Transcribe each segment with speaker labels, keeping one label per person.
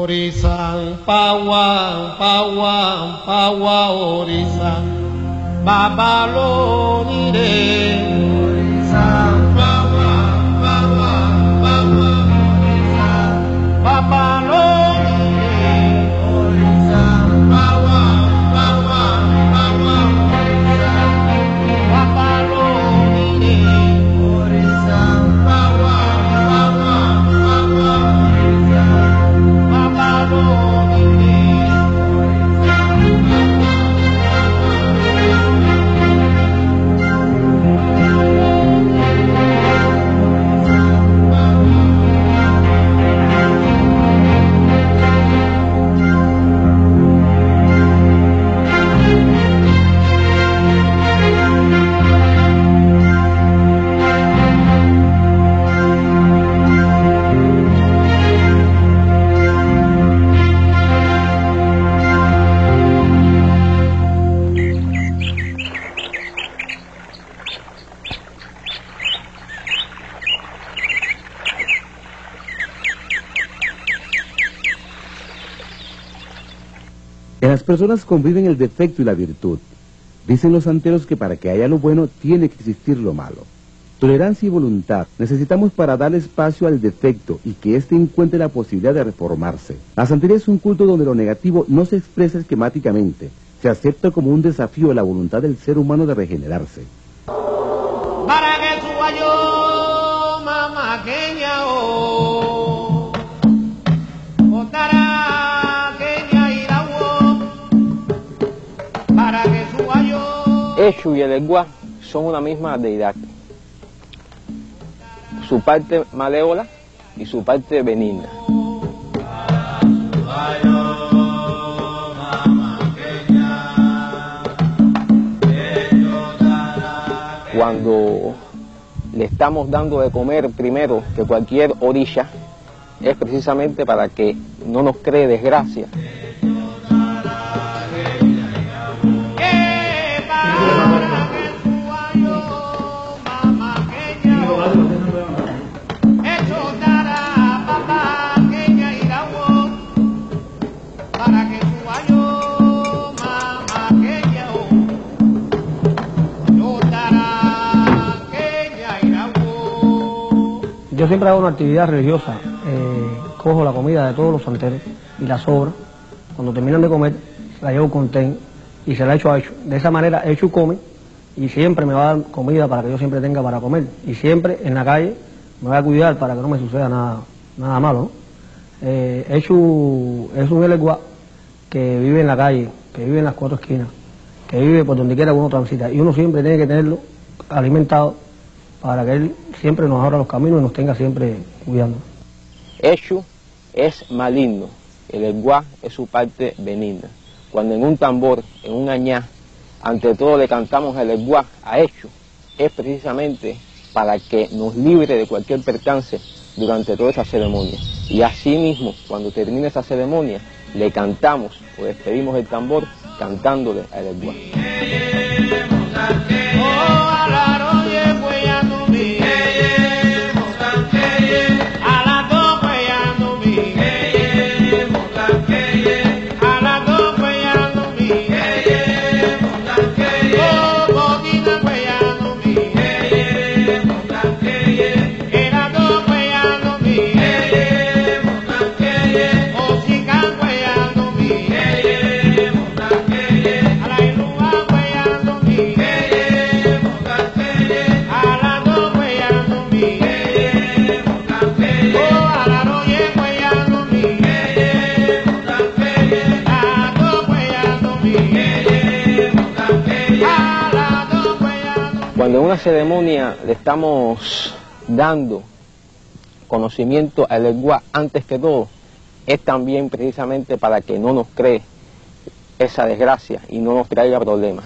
Speaker 1: 오리상 빠왕 빠왕 빠와 오리상 마발론이래
Speaker 2: personas conviven el defecto y la virtud. Dicen los santeros que para que haya lo bueno tiene que existir lo malo. Tolerancia y voluntad necesitamos para dar espacio al defecto y que éste encuentre la posibilidad de reformarse. La santería es un culto donde lo negativo no se expresa esquemáticamente, se acepta como un desafío a la voluntad del ser humano de regenerarse.
Speaker 3: Eshu y el Eguá son una misma deidad. Su parte maleola y su parte benigna. Cuando le estamos dando de comer primero que cualquier orilla, es precisamente para que no nos cree desgracia.
Speaker 4: Yo siempre hago una actividad religiosa. Eh, cojo la comida de todos los santeros y la sobra. Cuando terminan de comer, la llevo con ten y se la echo a hecho. De esa manera, hecho come y siempre me va a dar comida para que yo siempre tenga para comer. Y siempre en la calle me voy a cuidar para que no me suceda nada, nada malo. hecho eh, es un elegua que vive en la calle, que vive en las cuatro esquinas, que vive por donde quiera uno transita. Y uno siempre tiene que tenerlo alimentado para que Él siempre nos abra los caminos y nos tenga siempre cuidando.
Speaker 3: Hecho es maligno, el lenguaje es su parte benigna. Cuando en un tambor, en un añá, ante todo le cantamos el lenguaje a Hecho, es precisamente para que nos libre de cualquier percance durante toda esa ceremonia. Y así mismo, cuando termine esa ceremonia, le cantamos o despedimos el tambor cantándole al lenguaje. Cuando en una ceremonia le estamos dando conocimiento al lenguaje antes que todo, es también precisamente para que no nos cree esa desgracia y no nos traiga problemas.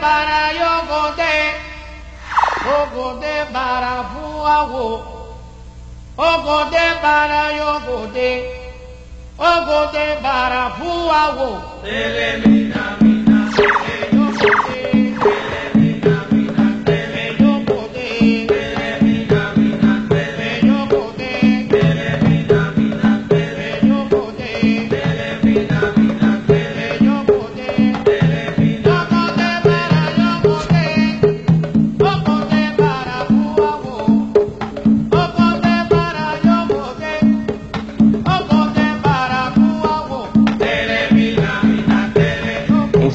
Speaker 5: para yogode, ogode para fuawo, ogode para yogode, ogode para fuawo. Elemina.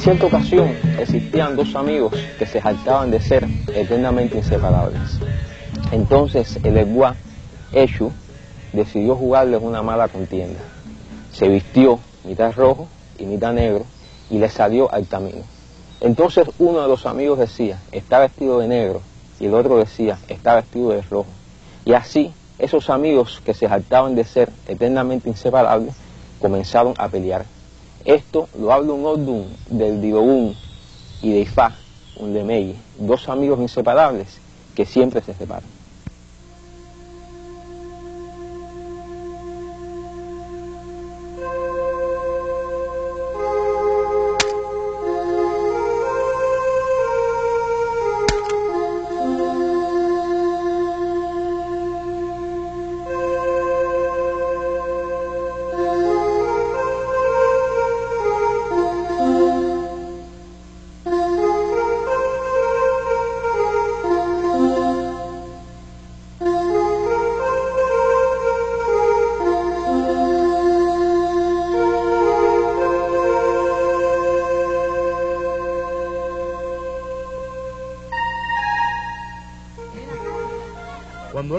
Speaker 3: En cierta ocasión existían dos amigos que se jactaban de ser eternamente inseparables. Entonces el Eguá, Eshu, decidió jugarles una mala contienda. Se vistió mitad rojo y mitad negro y le salió al camino. Entonces uno de los amigos decía, está vestido de negro, y el otro decía, está vestido de rojo. Y así, esos amigos que se jactaban de ser eternamente inseparables, comenzaron a pelear. Esto lo habla un odun del Dibogún y de Ifá, un Mey, dos amigos inseparables que siempre se separan.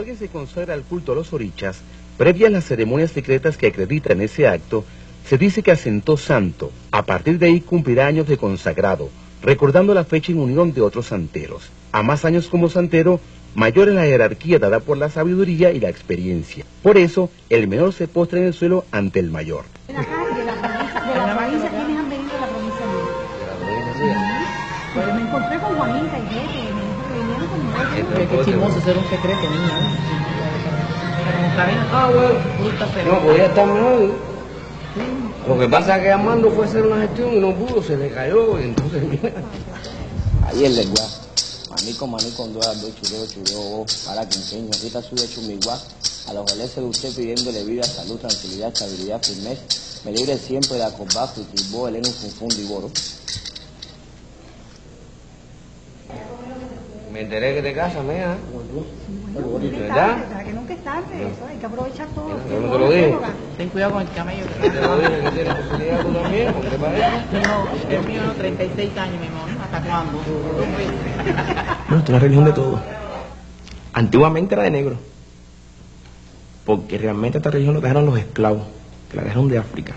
Speaker 2: que se consagra el culto a los orichas, previa a las ceremonias secretas que acreditan ese acto, se dice que asentó santo. A partir de ahí cumplirá años de consagrado, recordando la fecha en unión de otros santeros. A más años como santero, mayor es la jerarquía dada por la sabiduría y la experiencia. Por eso, el menor se postra en el suelo ante el mayor.
Speaker 1: que chismoso,
Speaker 4: hacer un secreto, ah,
Speaker 5: No, podía estar mal Lo que pasa es que amando fue a hacer
Speaker 2: una gestión y no pudo, se le cayó, y entonces Ahí el lenguaje.
Speaker 5: Manico, manico, con dos chuleo, chuleo, oh, para quinceño. Aquí está mi chumiguá. A los de usted pidiéndole vida, salud, tranquilidad, estabilidad, firmeza. Me libre siempre de acobajo y tribo, eleno,
Speaker 4: funfundo y boro. Me enteré de casa, mía. Bueno, ¿Verdad? O que nunca es hay que aprovechar todo. no lo
Speaker 5: Ten cuidado con el camello. Que
Speaker 2: te
Speaker 4: lo tienes
Speaker 2: posibilidad tú también, No,
Speaker 5: es mío, 36 años, mi amor. ¿Hasta cuándo? No, es una religión de todo. Antiguamente era de negro. Porque realmente esta religión lo dejaron los esclavos, que la dejaron de África.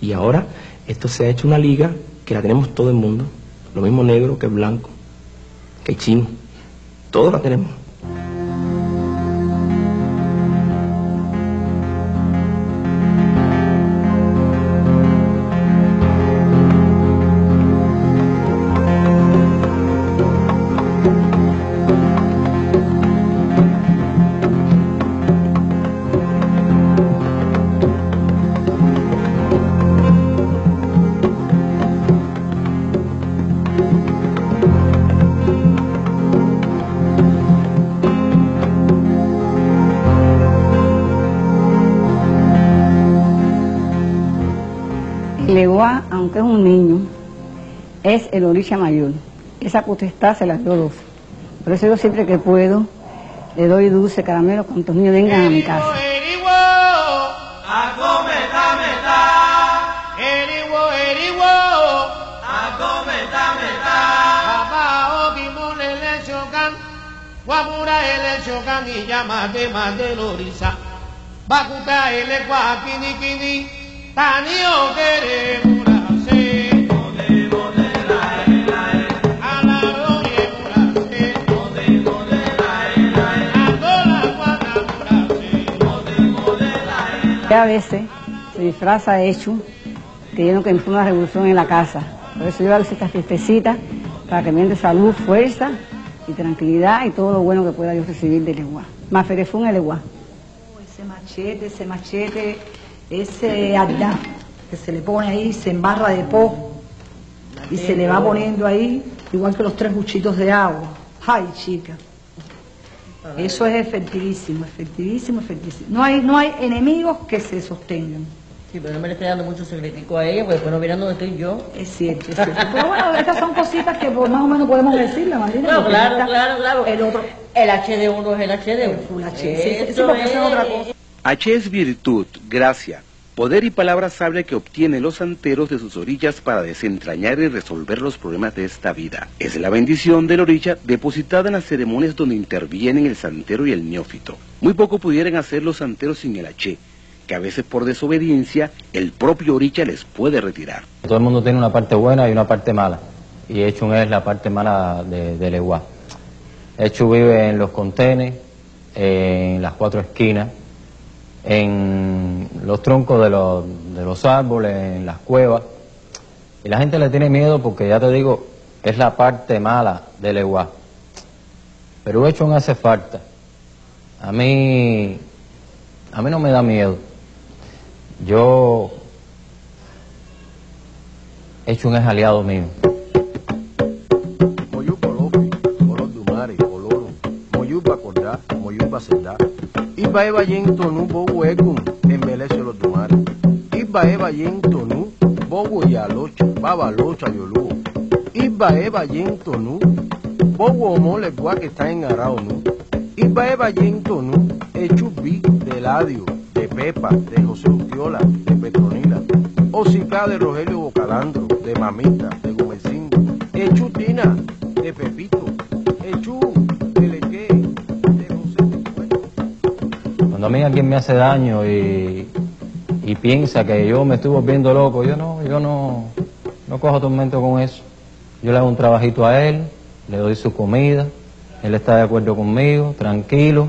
Speaker 5: Y ahora esto se ha hecho una liga que la tenemos todo el mundo, lo mismo negro que blanco que chino... Todos la queremos.
Speaker 4: un niño es el orisha mayor. Esa potestad se la dio Dios. Por eso yo siempre que puedo le doy dulce, caramelo, cuantos niños vengan a mi casa.
Speaker 5: Guapura el chocan y más de más de lorisa. ¡Bacuta, el guapini kini, tanio queremos.
Speaker 4: a veces se disfraza de hecho, creyendo que una revolución en la casa. Por eso yo hago estas fiestecita para que me salud, fuerza y tranquilidad y todo lo bueno que pueda yo recibir del Eguá. Más Ferefún el Eguá. Ese machete, ese machete, ese adá que se le pone ahí, se embarra de po
Speaker 1: y se le va poniendo
Speaker 4: ahí, igual que los tres buchitos de agua. ¡Ay, chica! Eso es efectivísimo, efectivísimo, efectivísimo. No hay, no hay enemigos que se sostengan. Sí, pero no me le estoy dando mucho secretico a ella, porque después no mirando dónde estoy yo. Es cierto, es cierto. Pero
Speaker 5: bueno, estas son cositas que pues, más o menos podemos decirle, Marina. No, claro, claro, claro. El otro, el HD1 es el HD1. El HD. eso es otra
Speaker 2: cosa. H es virtud, gracias. Poder y palabra sabia que obtienen los santeros de sus orillas para desentrañar y resolver los problemas de esta vida. Es la bendición de la orilla depositada en las ceremonias donde intervienen el santero y el neófito. Muy poco pudieran hacer los santeros sin el haché, que a veces por desobediencia el propio orilla les puede retirar.
Speaker 1: Todo el mundo tiene una parte buena y una parte mala, y Echun es la parte mala de, de Leguá. Echun vive en los contenes, en las cuatro esquinas, en los troncos de los, de los árboles, en las cuevas. Y la gente le tiene miedo porque, ya te digo, es la parte mala del EWA. Pero hecho no hace falta. A mí, a mí no me da miedo. Yo, hecho un es aliado mío.
Speaker 2: Y Senda, Iba Eva Yen Tonu Bobo en Embelecio lo Dumares, Iba Eva Yen Tonu Bobo Yalocho, y yolu. Iba Eva Yen Tonu Bobo le Gua que está en nu. Iba Eva Yen Tonu chupi de Ladio, de Pepa, de José Utiola, de Petronila, Osica de Rogelio
Speaker 1: Bocalandro, de Mamita, de
Speaker 2: e chutina de Pepito,
Speaker 1: Cuando a mí alguien me hace daño y, piensa que yo me estoy volviendo loco, yo no, yo no, no cojo tormento con eso. Yo le hago un trabajito a él, le doy su comida, él está de acuerdo conmigo, tranquilo,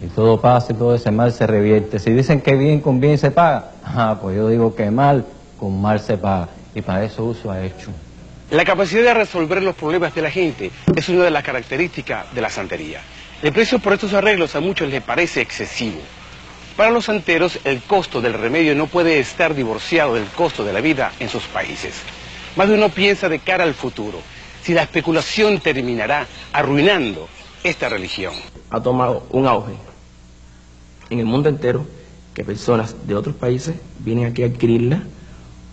Speaker 1: y todo pasa y todo ese mal se revierte. Si dicen que bien con bien se paga, ah, pues yo digo que mal con mal se paga, y para eso uso a hecho.
Speaker 2: La capacidad de resolver los problemas de la gente es una de las características de la santería. El precio por estos arreglos a muchos les parece excesivo. Para los santeros, el costo del remedio no puede estar divorciado del costo de la vida en sus países. Más de uno piensa de cara al futuro, si la especulación terminará arruinando esta religión.
Speaker 5: Ha tomado un auge en el mundo entero que personas de otros países vienen aquí a adquirirla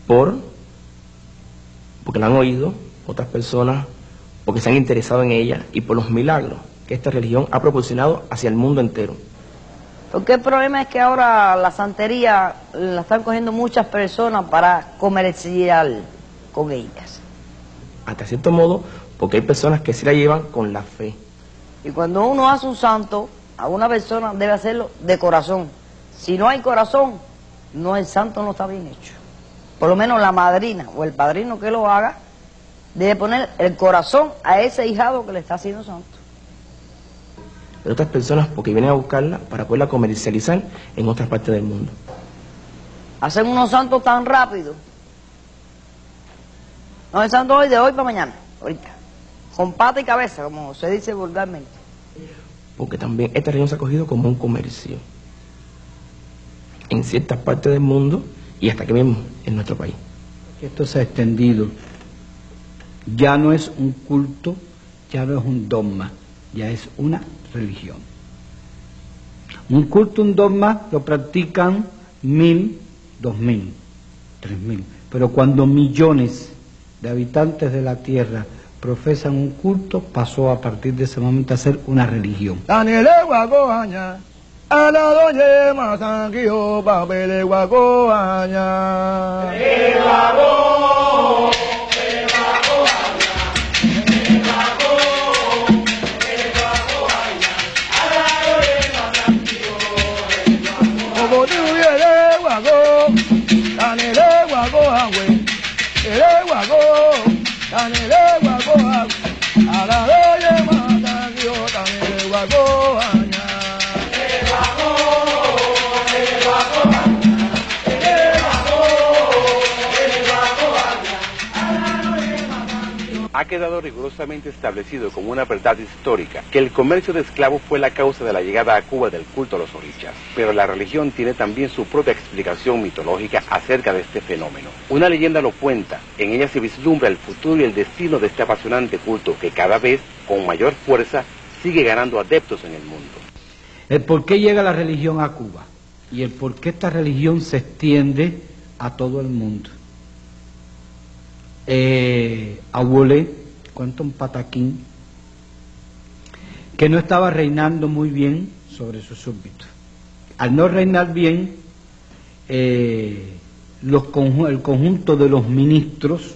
Speaker 5: por, porque la han oído otras personas, porque se han interesado en ella y por los milagros esta religión ha proporcionado hacia el mundo entero. Porque el problema es que ahora la santería la están cogiendo muchas personas para comerciar con ellas. Hasta cierto modo, porque hay personas que se la llevan con la fe. Y cuando uno hace un santo, a una persona debe hacerlo de corazón. Si no hay corazón, no el santo no está bien hecho. Por lo menos la madrina o el padrino que lo haga, debe poner el corazón a ese hijado que le está haciendo santo de otras personas porque vienen a buscarla para poderla comercializar en otras partes del mundo. Hacen unos santos tan rápido. No, es santo hoy de hoy para mañana, ahorita. Con pata y cabeza, como se dice vulgarmente. Porque también este reino se ha cogido como un comercio.
Speaker 4: En ciertas partes del mundo y hasta que vemos en nuestro país. Esto se ha extendido. Ya no es un culto, ya no es un dogma ya es una religión. Un culto, un dogma, lo practican mil, dos mil, tres mil. Pero cuando millones de habitantes de la tierra profesan un culto, pasó a partir de ese momento a ser una religión.
Speaker 2: establecido como una verdad histórica que el comercio de esclavos fue la causa de la llegada a Cuba del culto a los orichas, pero la religión tiene también su propia explicación mitológica acerca de este fenómeno. Una leyenda lo cuenta, en ella se vislumbra el futuro y el destino de este apasionante culto que cada vez, con mayor fuerza, sigue ganando adeptos en el mundo.
Speaker 4: El por llega la religión a Cuba y el por qué esta religión se extiende a todo el mundo. Eh, cuanto un pataquín, que no estaba reinando muy bien sobre sus súbditos. Al no reinar bien, eh, el conjunto de los ministros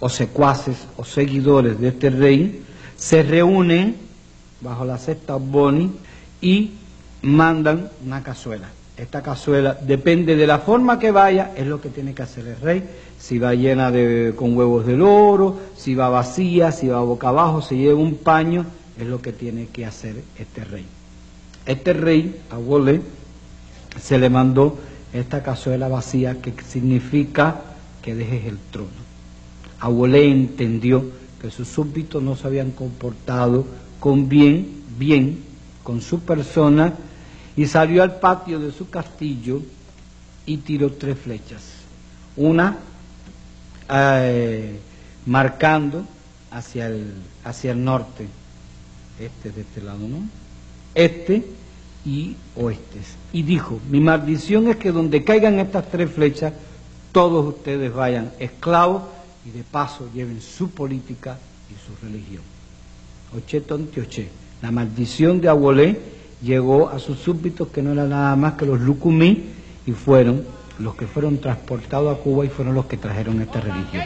Speaker 4: o secuaces o seguidores de este rey se reúnen bajo la secta Boni y mandan una cazuela. Esta cazuela, depende de la forma que vaya, es lo que tiene que hacer el rey. Si va llena de, con huevos del oro, si va vacía, si va boca abajo, si lleva un paño, es lo que tiene que hacer este rey. Este rey, a se le mandó esta cazuela vacía que significa que dejes el trono. Abuelé entendió que sus súbditos no se habían comportado con bien, bien, con su persona, y salió al patio de su castillo y tiró tres flechas. Una eh, marcando hacia el, hacia el norte, este de este lado, ¿no? Este y oeste. Y dijo, mi maldición es que donde caigan estas tres flechas, todos ustedes vayan esclavos y de paso lleven su política y su religión. Oche La maldición de Abuelé llegó a sus súbditos, que no eran nada más que los lucumí, y fueron los que fueron transportados a Cuba y fueron los que trajeron esta religión.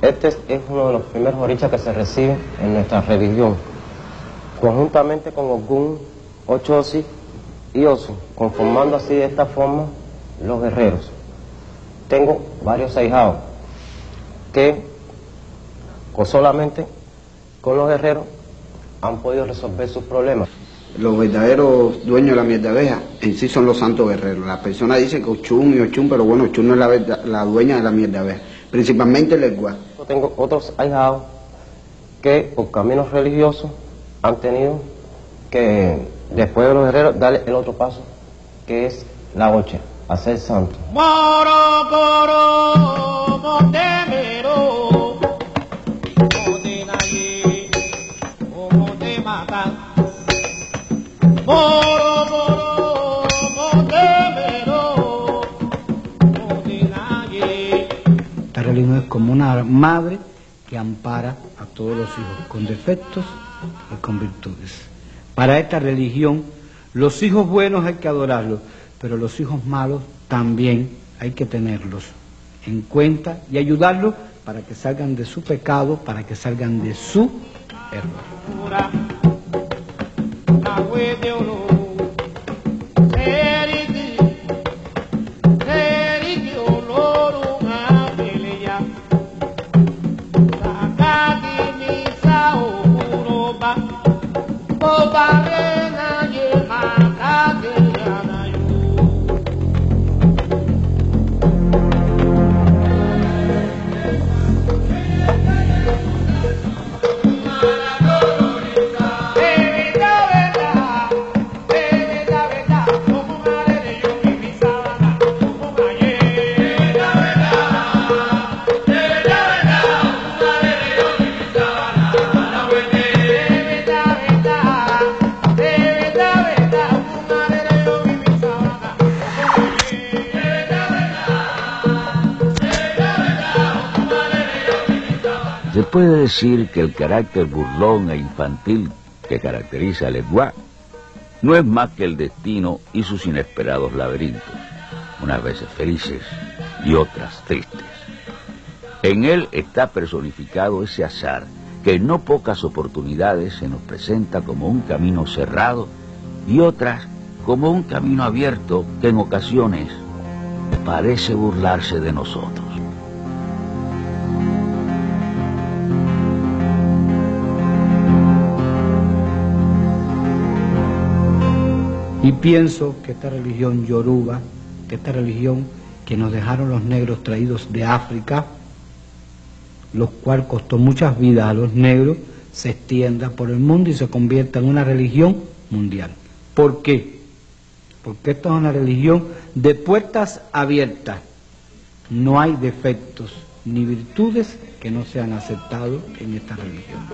Speaker 1: Este es uno de los primeros orichas que se recibe en nuestra religión, conjuntamente con Ogún, Ochosi y Oso conformando así de esta forma los guerreros. Tengo varios ahijados que solamente con los guerreros han podido resolver sus problemas.
Speaker 4: Los verdaderos dueños de la miel de abeja en sí son los santos guerreros. La persona dice que Ochun y Ochun, pero bueno, Ochun no es la, la dueña de la miel de abeja principalmente
Speaker 1: el lenguaje. tengo otros ahijados que por caminos religiosos han tenido que, después de los guerreros, darle el otro paso, que es la noche, hacer santo.
Speaker 4: como una madre que ampara a todos los hijos, con defectos y con virtudes. Para esta religión, los hijos buenos hay que adorarlos, pero los hijos malos también hay que tenerlos en cuenta y ayudarlos para que salgan de su pecado, para que salgan de su error. puede decir que el carácter burlón e infantil que caracteriza a Lebois no es más que el destino y sus inesperados laberintos, unas veces felices y otras tristes. En él está personificado ese azar que en no pocas oportunidades se nos presenta como un camino cerrado y otras como un camino abierto que en ocasiones parece burlarse de nosotros. Y pienso que esta religión yoruba, que esta religión que nos dejaron los negros traídos de África, lo cual costó muchas vidas a los negros, se extienda por el mundo y se convierta en una religión mundial. ¿Por qué? Porque esta es una religión de puertas abiertas. No hay defectos ni virtudes que no sean aceptados en esta religión.